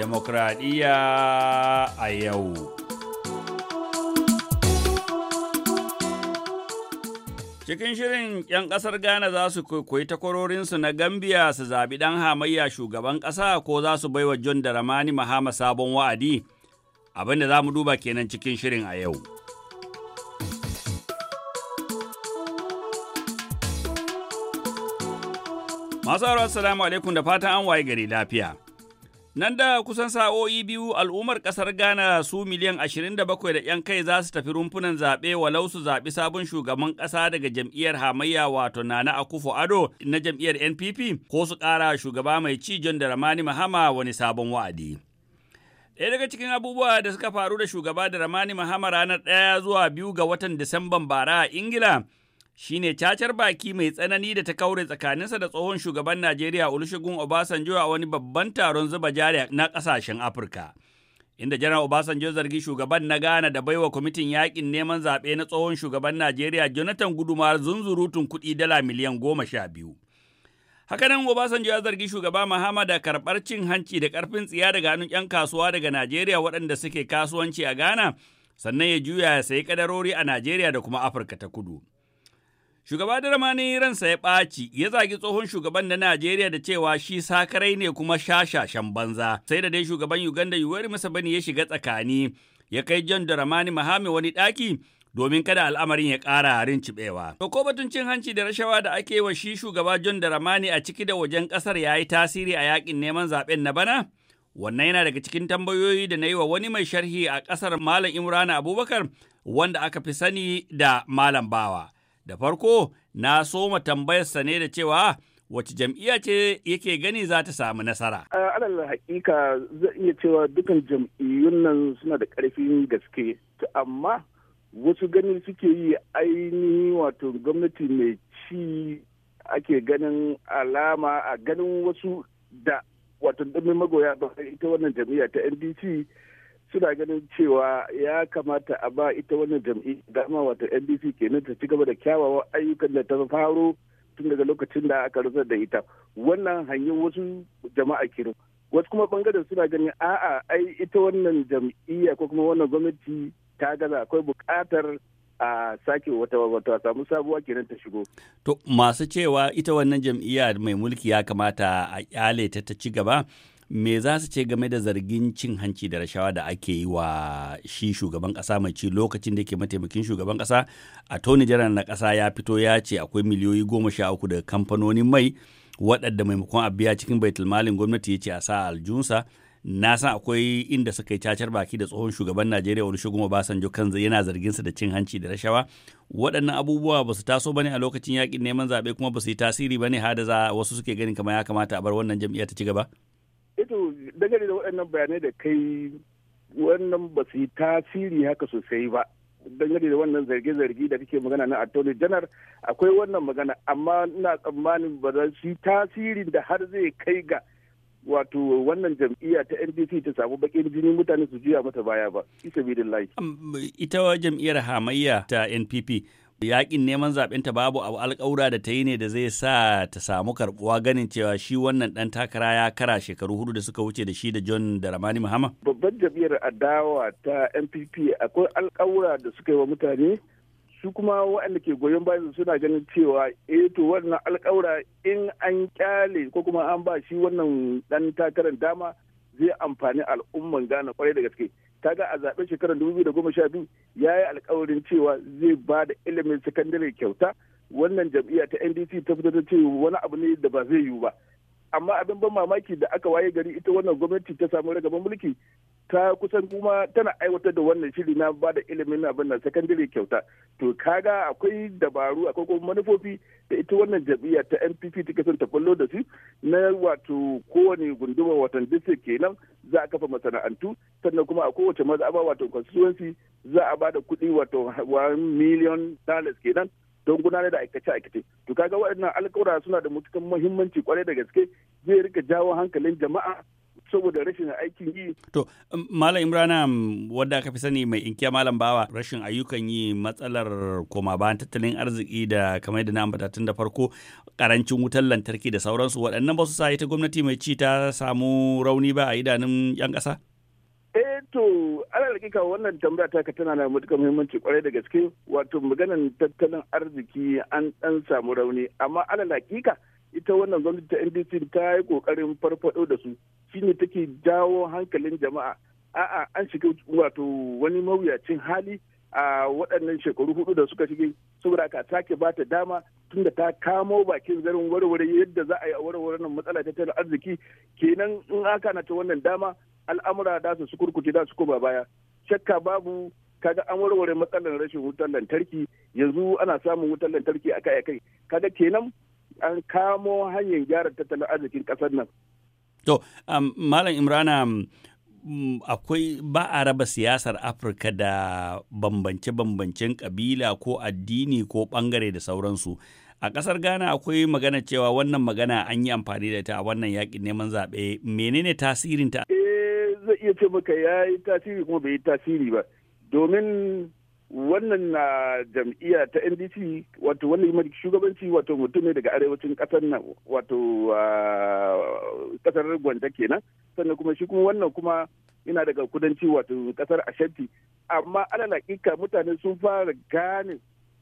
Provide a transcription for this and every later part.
demokradiyya a yau. Cikin shirin 'yan ƙasar Ghana za su kwaikwayi takwarorinsu na Gambia su zaɓi ɗan hamayya shugaban ƙasa ko za su baiwa John Ramani Mahama sabon wa'adi, abin da za mu duba kenan cikin shirin a yau. Masu salamu alaikum da fatan an waye gari lafiya. Nan da kusan sa'o'i biyu al'ummar ƙasar Ghana su miliyan 27 da ‘yan kai za su tafi rumfunan zaɓe walau su zaɓi sabon shugaban ƙasa daga jam'iyyar hamayya wato Nana Akufo Ado na jam'iyyar NPP ko su ƙara shugaba mai ci John Dramani Mahama wani sabon wa'adi. Ɗaya daga cikin abubuwa da suka faru da shugaba da ramani Mahama ranar ɗaya zuwa biyu ga watan Disamban bara a Ingila Shi ne cacar baki mai tsanani da ta kaure tsakaninsa da tsohon shugaban Najeriya Olusegun Obasanjo a wani babban taron zuba jari na ƙasashen Afirka. Inda Janar Obasanjo zargi shugaban na Ghana da baiwa kwamitin yakin neman zaɓe na tsohon shugaban Najeriya Jonathan Gudumar zunzurutun kuɗi dala miliyan goma sha biyu. Hakanan Obasanjo ya zargi shugaba Mahama da karɓar cin hanci da ƙarfin tsiya daga hannun 'yan kasuwa daga Najeriya waɗanda suke kasuwanci a Ghana, sannan ya juya ya sayi kadarori a Najeriya da kuma Afirka ta kudu. Shugaba Darmani ransa ya ɓaci, ya zagi tsohon shugaban na Najeriya da cewa shi sakarai ne kuma shashashan banza, sai da dai shugaban Uganda Yoweri Museveni ya shiga tsakani, ya kai John Daramani Mahame wani ɗaki domin kada al'amarin ya ƙara harin cibewa. To ko batun cin hanci da rashawa da ake wa shi shugaba John Daramani a ciki da wajen ƙasar ya yi tasiri a yakin neman zaɓen na bana? Wannan yana daga cikin tambayoyi da na yi wa wani mai sharhi a ƙasar Malam Imrana Abubakar wanda aka fi sani da Malam Bawa. Da farko, na soma tambayarsa ne da cewa wace jam'iyya ce yake gani za ta samu nasara? Alal hakika zai iya cewa dukan jam'iyyun nan suna da ƙarfin gaske, amma wasu ganin suke yi ainihi wato gwamnati mai ci ake ganin alama a ganin wasu da wato magoya ba ita wannan jam'iyya ta NDC suna ganin cewa ya kamata a ba ita wannan jam'i dama wata ndc kenan ta ci gaba da kyawawan ayyukan da ta faro tun daga lokacin da aka rasa da ita wannan hanyar wasu jama'a kirin wasu kuma bangaren suna ganin a'a ai ita wannan jam'iyya ko kuma wannan gwamnati ta gaza akwai buƙatar a sake wata wata samu sabuwa kenan ta shigo. To masu cewa ita wannan jam'iyya mai mulki ya kamata a kyale ta ci gaba me za su ce game da zargin cin hanci da rashawa da ake yi wa shi shugaban kasa mai ci lokacin da ke mataimakin shugaban ƙasa a tony jiran na kasa ya fito ya ce akwai miliyoyi goma sha uku daga kamfanonin mai waɗanda maimakon a biya cikin baitulmalin gwamnati ya ce a sa aljunsa na san akwai inda suka yi cacar baki da tsohon shugaban najeriya olusegun obasanjo kan yana zargin sa da cin hanci da rashawa waɗannan abubuwa ba su taso bane a lokacin yaƙin neman zaɓe kuma ba su yi tasiri bane har da wasu suke ganin kamar ya kamata a bar wannan jam'iyya ta ci gaba ito eh dangane da waɗannan bayanai da kai wannan ba su yi tasiri haka sosai ba dangane da wannan zarge-zarge da kake magana na attorney janar akwai wannan magana amma ina tsammanin ba za su yi tasirin da har zai kai ga wato wannan jam'iyya ta ndc ta samu bakin jini mutane su juya mata baya ba isa bidillahi ita jam'iyyar hamayya ta npp yakin neman zaɓenta babu abu alƙawura da ta yi ne da zai sa ta samu karɓuwa ganin cewa shi wannan ɗan takara ya kara shekaru hudu da suka wuce da shi da john da ramani muhammad babbar jam'iyyar adawa ta npp akwai alƙawura da suka yi wa mutane su kuma waɗanda ke goyon bayan suna ganin cewa eh to wannan alƙawura in an kyale ko kuma an ba shi wannan ɗan takarar dama zai amfani al'umman gane kwarai da gaske ta ga a zaɓen shekarar dubu biyu da sha biyu ya yi alkawarin cewa zai ba da ilimin sakandare kyauta wannan jam'iyya ta ndc ta fitar da cewa wani abu ne da ba zai yiwu ba amma abin ban mamaki da aka waye gari ita wannan gwamnati ta samu ragaban mulki ta kusan kuma tana aiwatar da wannan shiri na ba da ilimin abin nan sakandare kyauta to kaga akwai dabaru akwai kuma manufofi da ita wannan jam'iyya ta npp ta kasan ta fallo da su na wato kowane gunduma watan district kenan za a kafa masana'antu sannan kuma a kowace ba wato constituency za a ba da kuɗi wato 1 million dollars kenan don gudanar da aikace-aikace to kaga waɗannan alƙawura suna da matukan muhimmanci kwarai da gaske zai rika jawo hankalin jama'a saboda rashin aikin yi. To, um, Malam Imrana wadda aka fi sani mai inkiya Malam Bawa rashin ayyukan yi matsalar koma bayan tattalin arziki da kamar da na ambata tun da farko karancin wutar lantarki da sauransu waɗannan ba su sa ita gwamnati mai ci ta samu rauni ba a idanun 'yan ƙasa? Eh to, ala wannan tambaya taka tana da matuƙar muhimmanci kwarai da gaske wato maganar tattalin arziki an ɗan samu rauni amma ala ita wannan gwamnati ta ndc ta yi kokarin farfado da su shine take jawo hankalin jama'a a'a an shiga wato wani mawuyacin hali a waɗannan shekaru hudu da suka shige saboda ka sake ba ta dama tunda ta kamo bakin zarin warware yadda za a yi a warware nan matsala ta tattalin arziki kenan in aka na ta wannan dama al'amura da su kurkuce da su koma baya shakka babu kaga an warware matsalar rashin wutar lantarki yanzu ana samun wutar lantarki akai akai kaga kenan an kamo hanyar gyara tattalin arzikin ƙasar nan. To, um, Malam Imrana um, akwai ba a raba siyasar Afirka da bambance-bambancen ƙabila ko addini ko ɓangare da sauransu. A ƙasar Ghana akwai magana cewa wannan magana an yi amfani da ta a wannan yaƙin neman zaɓe. Menene tasirinta? Eh, zai iya ce maka ya yi tasiri kuma bai yi tasiri ba. Domin wannan na jam'iyya ta ndc wato wannan mai shugabanci wato mutum ne daga arewacin kasar nan wato kasar ah, gwanda kenan sannan kuma shi kuma wannan kuma yana daga kudanci wato kasar ashanti amma alal hakika mutane sun fara gane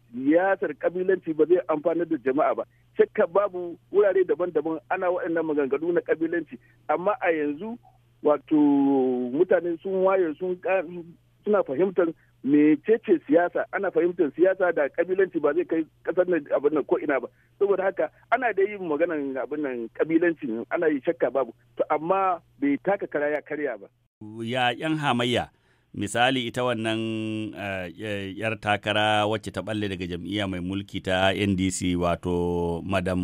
siyasar kabilanci ba zai amfani da jama'a ba shakka babu wurare daban-daban ana waɗannan maganganu na kabilanci amma a yanzu wato mutane sun waye sun suna fahimtar mecece siyasa ana fahimtar siyasa da kabilanci ba zai kai kasar nan abin nan ko ina ba saboda haka ana da yin maganan abin nan kabilanci ana yi shakka babu to amma bai taka karaya karya ba ya yan hamayya misali ita wannan eh, eh, yar takara wacce ta balle daga jam'iyya mai mulki ta ndc wato madam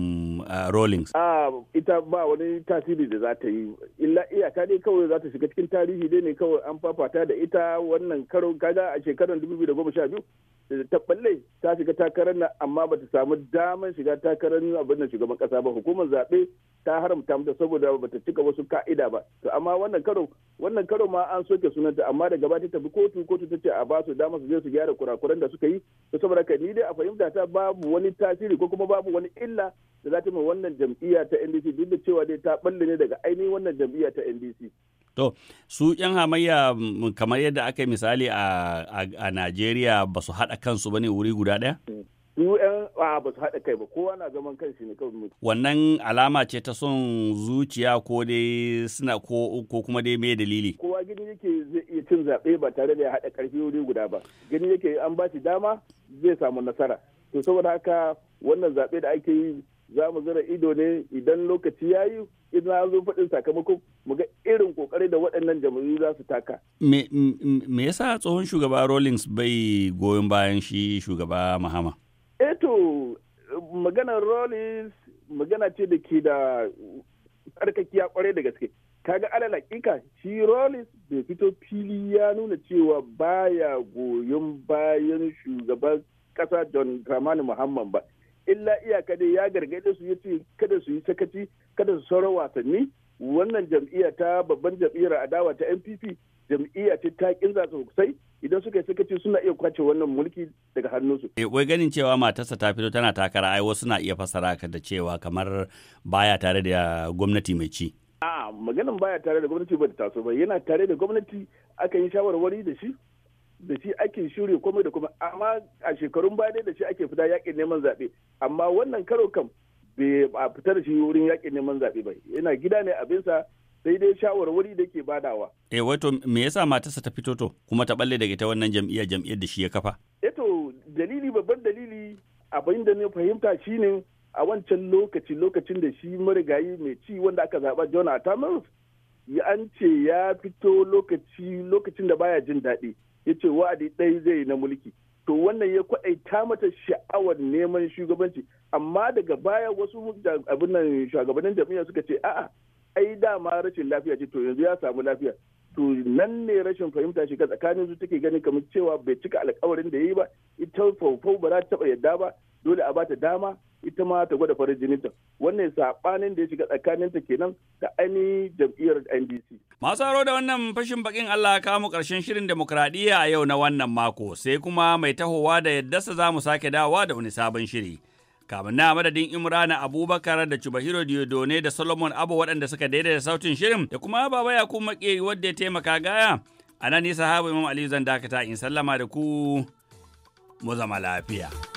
eh, rawlings a ita ba wani tasiri da za ta yi illa iyaka ne kawai za ta shiga cikin tarihi dai ne kawai an fafata da ita wannan karo kaga a shekarar 2012 ta balle ta shiga takarar nan amma ba ta samu damar shiga takarar abin nan shugaban kasa ba hukumar zaɓe ta haramta mata saboda ba ta cika wasu ka'ida ba to amma wannan karo wannan karo ma an soke sunanta amma da gaba ta tafi kotu kotu ta ce a ba su dama su je su gyara kurakuran da suka yi to saboda ka ni dai a fahimta ta babu wani tasiri ko kuma babu wani illa da za ta mai wannan jam'iyya ta NDC duk da cewa dai ta balle ne daga ainihin wannan jam'iyya ta NDC To, su ‘yan hamayya mm, kamar yadda aka yi misali a, a, Najeriya ba su haɗa kansu ba ne wuri guda ɗaya? Mm. su yan a ba su haɗa kai ba kowa na zaman kanshi ne kawai mutu. wannan alama ce ta son zuciya ko dai suna ko kuma dai me dalili kowa gini yake zai iya cin zaɓe ba tare da ya haɗa ƙarfi wuri guda ba gini yake an ba shi dama zai samu nasara to saboda haka wannan zaɓe da ake yi za mu zira ido ne idan lokaci ya yi idan an zo faɗin sakamakon mu ga irin ƙoƙari da waɗannan jam'iyyu za su taka. Me yasa tsohon shugaba Rawlings bai goyon bayan shi shugaba Mahama? to maganar rollins magana ce da ke da tsarkakiya kwarai da gaske kaga alal hakika shi rollins bai fito fili ya nuna cewa baya goyon bayan shugaban kasa john dramani muhammad ba illa iyaka dai ya gargaɗe su ya kada su yi sakaci kada su sauran wasanni wannan jam'iyya ta babban jam'iyyar adawa ta npp jam'iyya ce ta su sosai idan suka yi sakaci suna iya kwace wannan mulki daga hannunsu. E, wai ganin cewa matarsa ta fito tana takara ai wasu na iya fasara ka da cewa kamar baya tare da gwamnati mai ci. A maganin baya tare da gwamnati ba ta taso ba yana tare da gwamnati aka yi shawarwari da shi da shi ake shirya komai da komai amma a shekarun baya da shi ake fita yakin neman zaɓe amma wannan karo kam bai fita da shi wurin yakin neman zaɓe ba yana gida ne abinsa sai dai shawarwari da ke badawa. Eh wato me yasa matarsa ta fito to kuma ta balle daga ta wannan jam'iyyar jam'iyyar da shi ya kafa? Eh dalili babban dalili abin da na fahimta shine a wancan lokaci lokacin da shi marigayi mai ci wanda aka zaba John Atamers ya an ce ya fito lokaci lokacin da baya jin daɗi ya ce wa'adi ɗaya zai na mulki to wannan ya kwaɗaita mata sha'awar neman shugabanci amma daga baya wasu abin nan shugabannin jam'iyya suka ce a'a ai dama rashin lafiya ce to yanzu ya samu lafiya to nan ne rashin fahimta shiga tsakanin su take ganin kamar cewa bai cika alkawarin da ya yi ba ita faufau ba za ta taba yadda ba dole a bata dama ita ma ta gwada farin jinin ta wannan saɓanin da ya shiga tsakanin ta kenan da ani jam'iyyar ndc. masu aro da wannan fashin bakin allah ka mu karshen shirin demokradiya a yau na wannan mako sai kuma mai tahowa da yadda za mu sake dawa da wani sabon shiri. Kamun na madadin Imrana Abubakar da Chubahiro Diodone da Solomon Abu waɗanda suka da sautin shirin da kuma Baba Yakub Makeri wadda ya taimaka gaya. A nan ni sahabu Imam Aliyu zan dakata in sallama da ku mu zama lafiya.